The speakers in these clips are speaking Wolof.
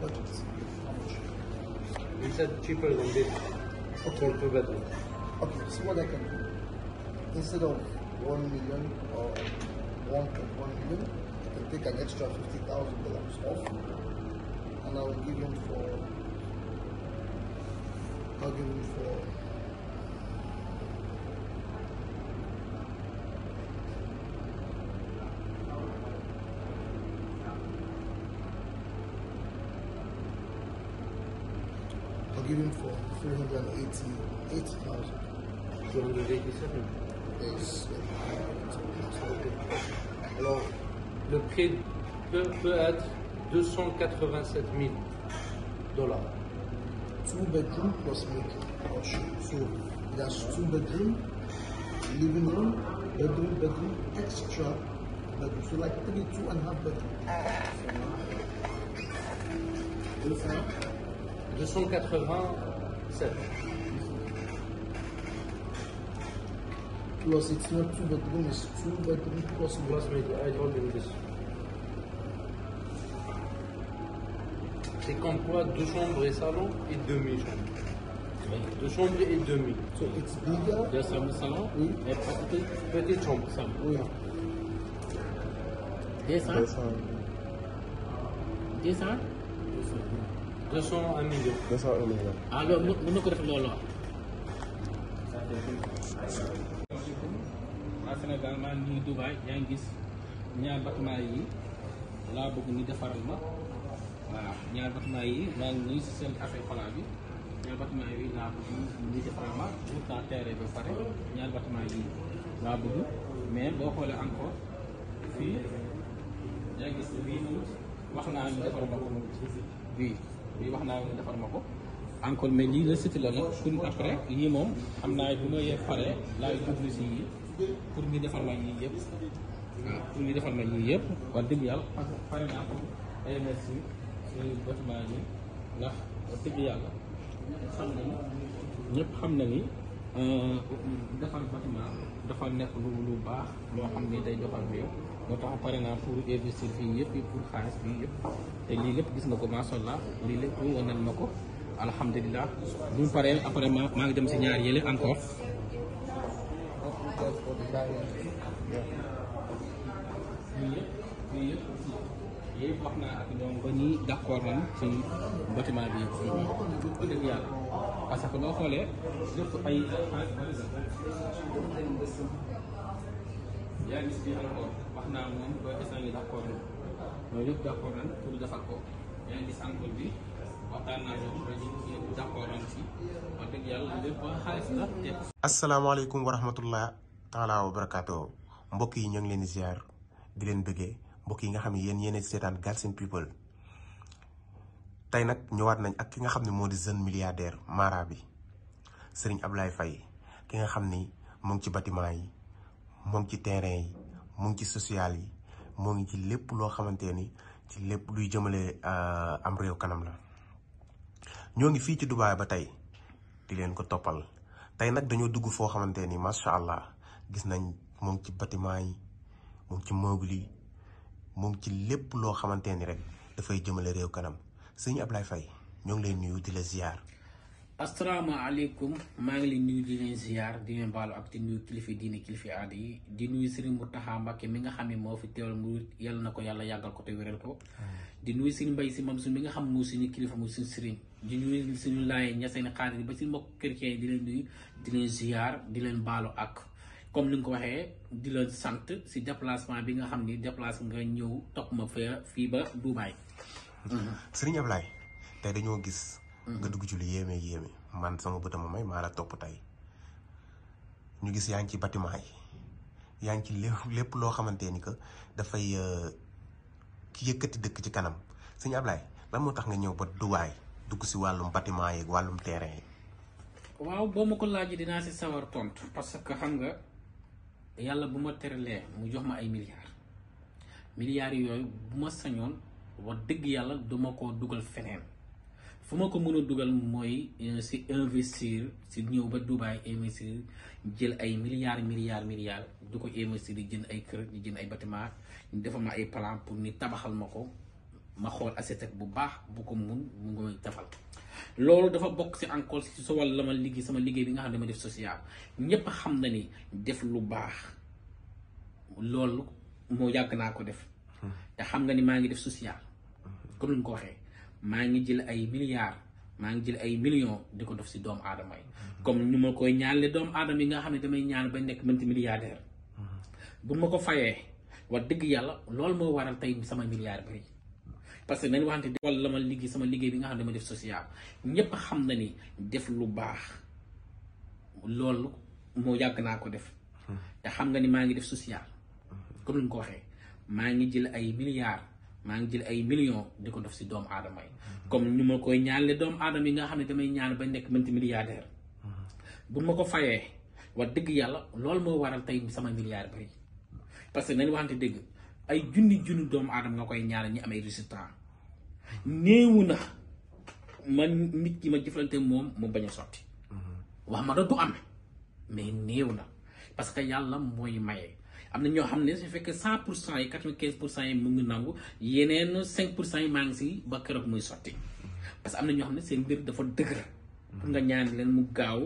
budgets. You said cheaper than this okay. for bedrooms. Okay, so what I can do, instead of 1 million or 1.1 million, I can take an extra $50,000 off and I will give him for, I'll give him for for Alors, le prix peut, être 287 000 dollars. Two bedroom plus two living room, bedroom, bedroom, extra bedroom. So, like three, two ah. 287. Plus it's not two bedroom, it's two bedroom plus plus bedroom. I told him this. C'est comme quoi deux chambres et salon et demi chambre. Deux chambres et demi. So it's bigger. Deux chambres salon. Oui. Et petite petite chambre Ça. Oui. Descends. Descends. Descends. deux cent un million. deux cent un million. ah loolu na ko def loolu waa Sénégal maa ngi nii Dubaay yaa ngi gis ñaar bâtiment yi laa bëgg ñu defaral ma voilà ñaar bâtiment yi maa ngi nii si seen affaire plan bi ñaar bâtiment yi laa bëgg ñu defaral ma mais boo xoolee encore fii yaa gis bii wax naa ñu defaral ma ko bii bi wax naa ne defar ma ko encore mais lii la siti la nag pour après lii moom xam naa bu ma yee pare laay yi pour ñu defar ma yii yëpp ah, pour ñu defar ma yii yëpp wax dëgg yàlla parce que pare naa ko ay merci suñu bâtiment ndax wax yàlla xam na ñëpp xam na ni euh, defar bâtiment dafa nekk lu lu baax loo xam ni day doxal réew moo tax pare naa pour investir fii yëpp pour xaalis bi yëpp te lii lépp gis nga ko macha allah lii lépp wanal ma ko alhamdulilah bu mu paree après ma maa ngi dem si ñaar yële encore. lii yëpp lii yëpp aussi yëpp que wax naa moom ba instant d'accord d'accord pour defal ko d'accord wax la wa taala wa yi ñu ngi leen ziar di leen mbok yi nga xam yeen People tey nag ñëwaat nañ ak ki nga xamni modi jeune milliardaire Mara bi Serigne Ablaye Faye ki nga xamni mo ngi ci bâtiment yi mo ngi ci terrain yi mu ngi ci sociale yi mu ngi ci lépp loo xamante ni ci lépp luy jëmale euh, am réew kanam la ñoo ngi fii ci Dubaay ba tey di leen ko toppal tey nag dañoo dugg foo xamante ni macha allah gis nañ moom ci bâtiment yi mu ci meuble yi mu ci lépp loo xamante ni rek dafay jëmale réew kanam sëñ Ablaye Faye ñoo ngi leen nuyu di la ziar. asalaamaaleykum maa ngi leen nuyu di leen ziar di leen balu ak di nuyu kilifi diine kilifi adi di nuyu Serigne Mountakha mbake mi nga xam mo fi teewal mu yalla nako yalla yagal ko te wéral ko di nuyu Serigne Mbaye Sy Mansour mi nga xam mo suñu kilifa mo suñu Serigne di nuyu suñu laay seen xaarit ba si mbokk chrétien di leen nuyu di leen ziar di leen balu ak comme ni nga waxé di leen sante si déplacement bi nga xam ni déplacé nga ñew topp ma fi ba dubai Serigne Ablaye tay dañu gis. nga dugg ci lu yéeme yéeme man sama bët ma may maa la topp tey ñu gis yaa ngi ci bâtiment yi yaa ngi ci lépp loo xamante ni que dafay euh, yëkkati dëkk ci kanam sëñ Ablaye lan moo tax nga ñëw ba Dubaay dugg si wàllum bâtiment yi wàllum terrain yi. waaw boo ma ko laajee dinaa si sawar tontu parce que xam nga yàlla bu ma teralee mu jox ma ay milliards milliards yooyu bu ma sañoon wax dëgg yàlla duma ko dugal feneen. fuma ko mën duggal moy ci eh, si investir si ñew ba dubai investir jël ay milliards milliards milliards duko investir di jënd ay kër di jënd ay bâtiment ñu defal ma ay plan pour ni tabaxal ma ko ma xool asetek bu baax bu ko mën mu ngoy tafal lolu dafa bok ci encore si sa wàll la sama liggéey bi nga xam dama def social ñepp xam na ni def lu baax lolu mo yag na ko def hmm. te xam nga ni ma ngi def social comme ni ko waxe ma ngi jël ay milliards ma ngi jël ay millions di def si dom aadama yi comme ñu ma koy le doomu adam yi nga xam damay ñaan ba nek mënti milliardaire bu ma ko waral tay sama milliard bari parce que nañ di wala lama liggé sama liggé bi nga xam dama def social ñepp xam na ni def lu baax loolu mo yag na ko def te xam nga ni ma ngi def social comme ni ko waxé ma ngi jël ay milliards maa ngi jël ay millions di ko def si doomu aadama yi comme ni ma koy ñaanle doomu aadama yi nga xam ne damay ñaar ba nekk mënti milliardaire bu ma ko fayee wax dëgg yàlla loolu moo waral tey sama milliard bari parce que nañ waxante dëgg ay junni junni doomu aadama nga koy ñaar ñi am ay résultat néewu na man nit ki ma jëflante moom mu bañ a sotti mm-hmm. wax ma da am mais néew na parce que yàlla mooy maye am na ñoo xam ne su fekk cent pour cent yi quatre-vingt-quinze pour cent yi mu ngi nangu yeneen cinq pour cent yi maa ngi si ba keroog muy sotti parce que am na ñoo xam ne seen mbir dafa dëgër pour nga ñaan leen mu gaaw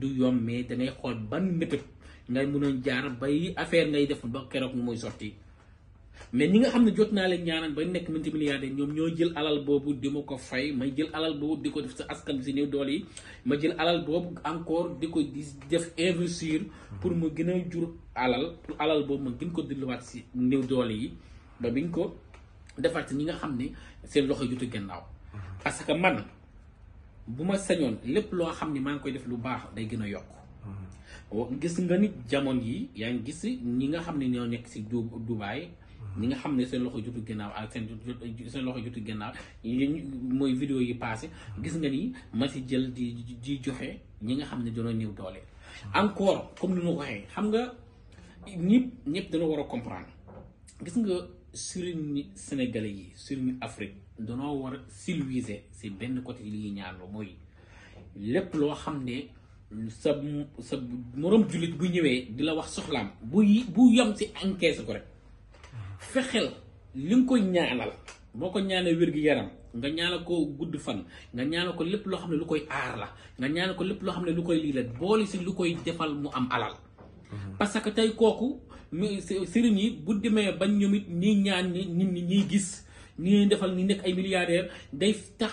du yomb mais dangay xool ban méthode ngay mënoon jaar bay affaire ngay def ba keroog muy sotti mais ni nga xamne jot na la ñaanal ba nek minti milliardaire ñom ñoo jël alal bobu dima ko fay may jël alal bobu diko def ci askan ci new doole yi ma jël alal bobu encore diko def investir pour mu gëna jur alal pour alal bobu ma gën ko delluwaat si néew doole yi ba biñ ko ci ni nga xamne seen loxo jutu gennaw parce que man buma sañon lepp lo loo ma ngi koy def lu baax day gëna yok wo mm-hmm. gis nga nit jamon yi yaa ngi gis ñi nga xamni ñoo nek ci dubai ñi nga xam ne seen loxo jotu ginnaaw ak seen seen loxo jotu ginnaaw yi mooy vidéo yi passé gis nga ni ma ci jël di di joxe ñi nga xam ne dañoo néew doole. encore comme ni ma waxee xam nga ñëpp ñëpp dañoo war a comprendre gis nga ni Sénégalais yi sëriñ Afrique dañoo war a si benn côté li ñuy ñaanloo mooy lépp loo xam ne. sa sa moroom jullit bu ñëwee di la wax soxlaam bu bu yam si encaisse ko rek fexeel li nga koy ñaanal boo ko ñaanee wér-gi-yaram nga ñaanal ko gudd fan nga ñaanal ko lépp loo xam ne lu koy aar la nga ñaanal ko lépp loo xam ne lu koy lii la boole si lu koy defal mu am alal mhm. parce que tey kooku sëriñ yi bu demee bañ ñoom it ñaan ñi nit ñi ñiy gis ñi defal ñi nekk ay milliardaire day tax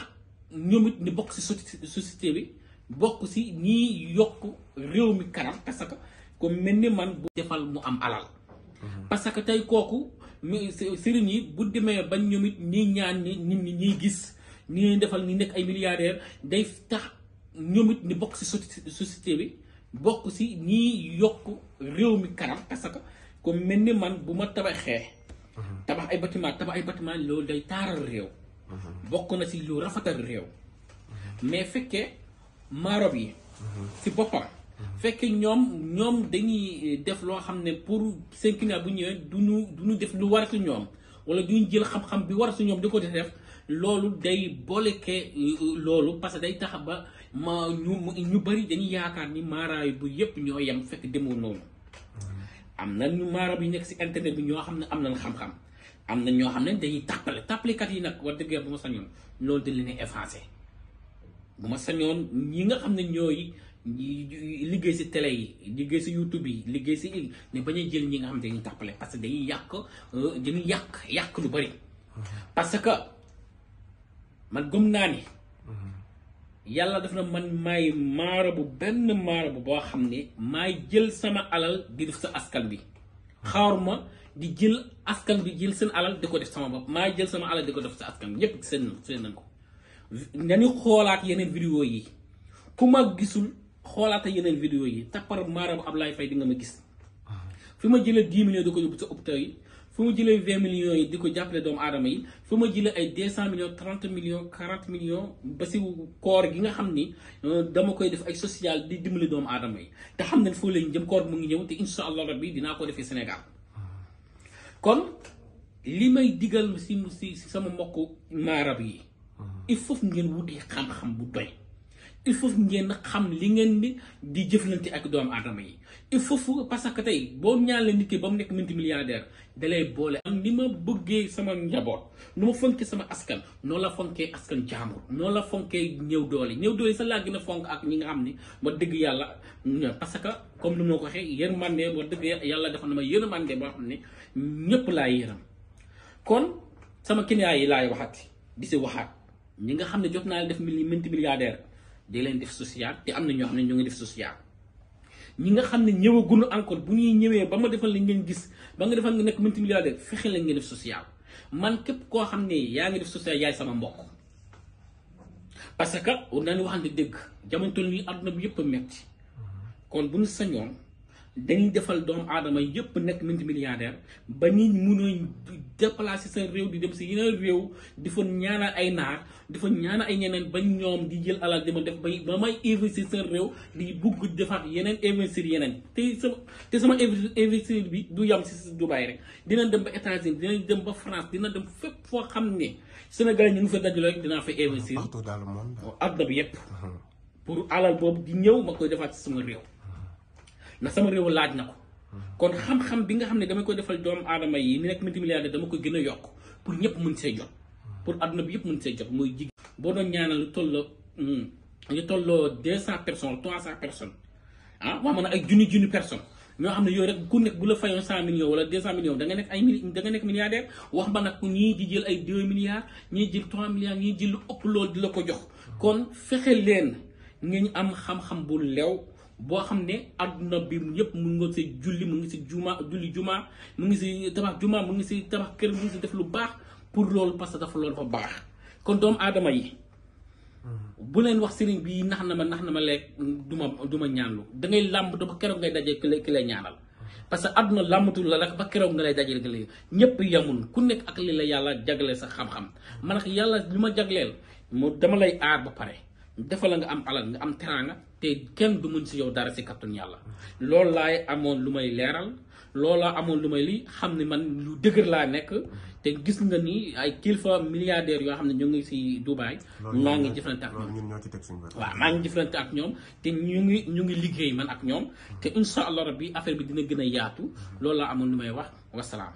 ñoom it bokk si bokk si ñiy yokk réew mi kanam parce que comme mel ni defal mu am alal mhm. tey kooku mais sëriñ yi bu demee bañ ñoom it ñaan ñi nit ñiy gis ñi leen defal ni nekk ay milliardaire day tax ñoom ni bokk si société bi bokk si ñiy yokk réew mi kanam parce que comme mel ni man bu ma tabaxee mhm. tabax ay bâtiment tabax ay bâtiment loolu day taaral réew mhm. bokk na si lu rafetal réew mhm. mais fekkee maarob yi si boppam fekk ñoom ñoom dañuy eh, def loo xam ne pour seen bu ñëwee du ñu du ñu def lu war su ñoom wala du ñu jël xam-xam bi war su ñoom di ko def loolu day boleke eh, loolu parce que day taxa ba ma ñu ñu bëri dañuy yaakaar ni maaraay bu yépp ñoo yem fekk demoo noonu am na ñu maara bi nekk si internet bi ñoo xam ne am nañ xam-xam am na ñoo xam ne dañuy tàppale tàppalekat yi nag wax dëgg bu ma sañoon loolu da leen effacer bu ma sañoon ñi nga xam ne ñooy liggéey si télé yi liggéey si youtube yi liggéey si il ne bañ a jël ñi nga xam dañuy tàppale parce que dañuy yàq dañuy yàq yàq lu bari parce que man gëm naa ni yàlla daf na man maay bu benn maarabu boo xam ne may jël sama alal di def sa askan bi xaaruma di jël askan bi jël seen alal di ko def sama bopp may jël sama alal di ko def sa askan bi ñépp seen seen nañ ko dañu xoolaat yeneen vidéo yi ku ma gisul xoolaata yeneen vidéo yi tappar maarabu Ablaye Faye di nga ma gis fi ma jëlee 10 millions di ko yóbbu sa hôpital yi fi ma jëlee 20 millions yi di ko jàppale doomu aadama yi fi ma jëlee ay 200 millions 30 millions 40 millions ba si koor gi nga xam ni euh, dama koy def ay social di dimbali doomu aadama yi te xam ne foofu lañ jëm koor mu ngi ñëw te incha allah rabbi dinaa ko defee Sénégal kon li may digal si si sama mbokk maarab yi il faut ngeen wuti xam bu doy. il faut ngeen xam li ngeen di di jëflante ak doomu aadama yi il faut parce que tey boo ñaanee nit ki ba mu nekk multi milliardaire dalay boole am ni ma bëggee sama njaboot nu ma fonk sama askan noo la fonkee askan jaamur noo la fonkee ñëw doole ñëw doole sa laa gën a fonk ak ñi nga xam ni ma dëgg yàlla parce que comme ni ma ko waxee yërmande ma dëgg yàlla dafa na ma yërmande boo xam ne ñëpp laa yëram kon sama client yi laay waxati di si waxaat ñi nga xam ne jot naa def multi milliardaire de leen def social te am na ñoo xam ne ñu ngi def social ñi nga xam ne ñëwagunu encore bu ñuy ñëwee ba ma defal lañ ngeen gis ba nga defal nga nekk multimilliardaire fexe lañ ngeen def social man képp koo xam ne yaa ngi def social yaay sama mbokk parce que nañu waxante dëgg jamono toll nii àdduna bi yëpp a metti kon bu ñu sañoon dañuy defal doomu aadama yëpp nekk multimilliardaire ba nit mënoo déplacer seen réew di dem si yeneen réew di fa ñaanal ay naar di fa ñaanal ay ñeneen ba ñoom di jël alal di ma def bay ba may investir seen réew di bugg defaat yeneen investir yeneen te sama te investir bi du yam si du baay rek dina dem ba États-Unis dina dem ba France dina dem fépp foo xam ne Sénégal ñu ngi fa dajale rek dinaa fa investir. partout dans le monde. adduna bi yëpp. pour alal boobu di ñëw ma koy defaat ci sama réew. ndax sama réew laaj na ko kon xam-xam bi nga xam ne dama koy defal doomu aadama yi ni nekk multimilliardaire dama koy gën a yokk pour ñëpp mën see jot pour adduna bi yëpp mën see jot mooy jigéen boo doon ñaanal lu tolloo lu tolloo deux cent person trois cent personnes ah waa man ay junni junni personnes ñoo xam ne yooyu rek ku nekk bu la fayoon cent millions wala deux cent millions da nekk ay mili da nga nekk milliardaire wax ba nag ñii di jël ay deux milliards ñii jël trois milliards ñii jël ëpp loolu di la ko jox kon fexe leen nga ñu am xam bu lew bo xamne ne àdduna bi ñep mu ngi si julli mu ngi si juma julli juma mu ngi si tabax juma mu ngi si tabax keur mu ngi si def lu baax pour lool parce que dafa lool dafa baax kon doom adama yi bu len wax sëriñ bi naxna ma naxna ma lek duma duma ñaanlu da ngay do ba kéro ngay dajé ki lay ñaanal parce que aduna lambatu la rek ba kéro ngay dajé ki lay ñep yamun ku nekk ak li la yalla jagalé sa xam-xam man ak yalla luma ma mo dama lay aar ba paré defal nga am alal nga am teranga te kenn du mën si yow dara si kattun yàlla loolu laay amoon lu may leeral loola amoon lu may li xam ne man lu dëgër laa nekk te gis nga ni ay kilifa milliardaires yoo xam ne ñu ngi si Dubaay. maa ngi jëflante ak ñoom waaw maa ngi jëflante ak ñoom te ñu ngi ñu ngi liggéey man ak ñoom te incha allah bi affaire bi dina gën a yaatu loolu laa amoon lu may wax wasalaam.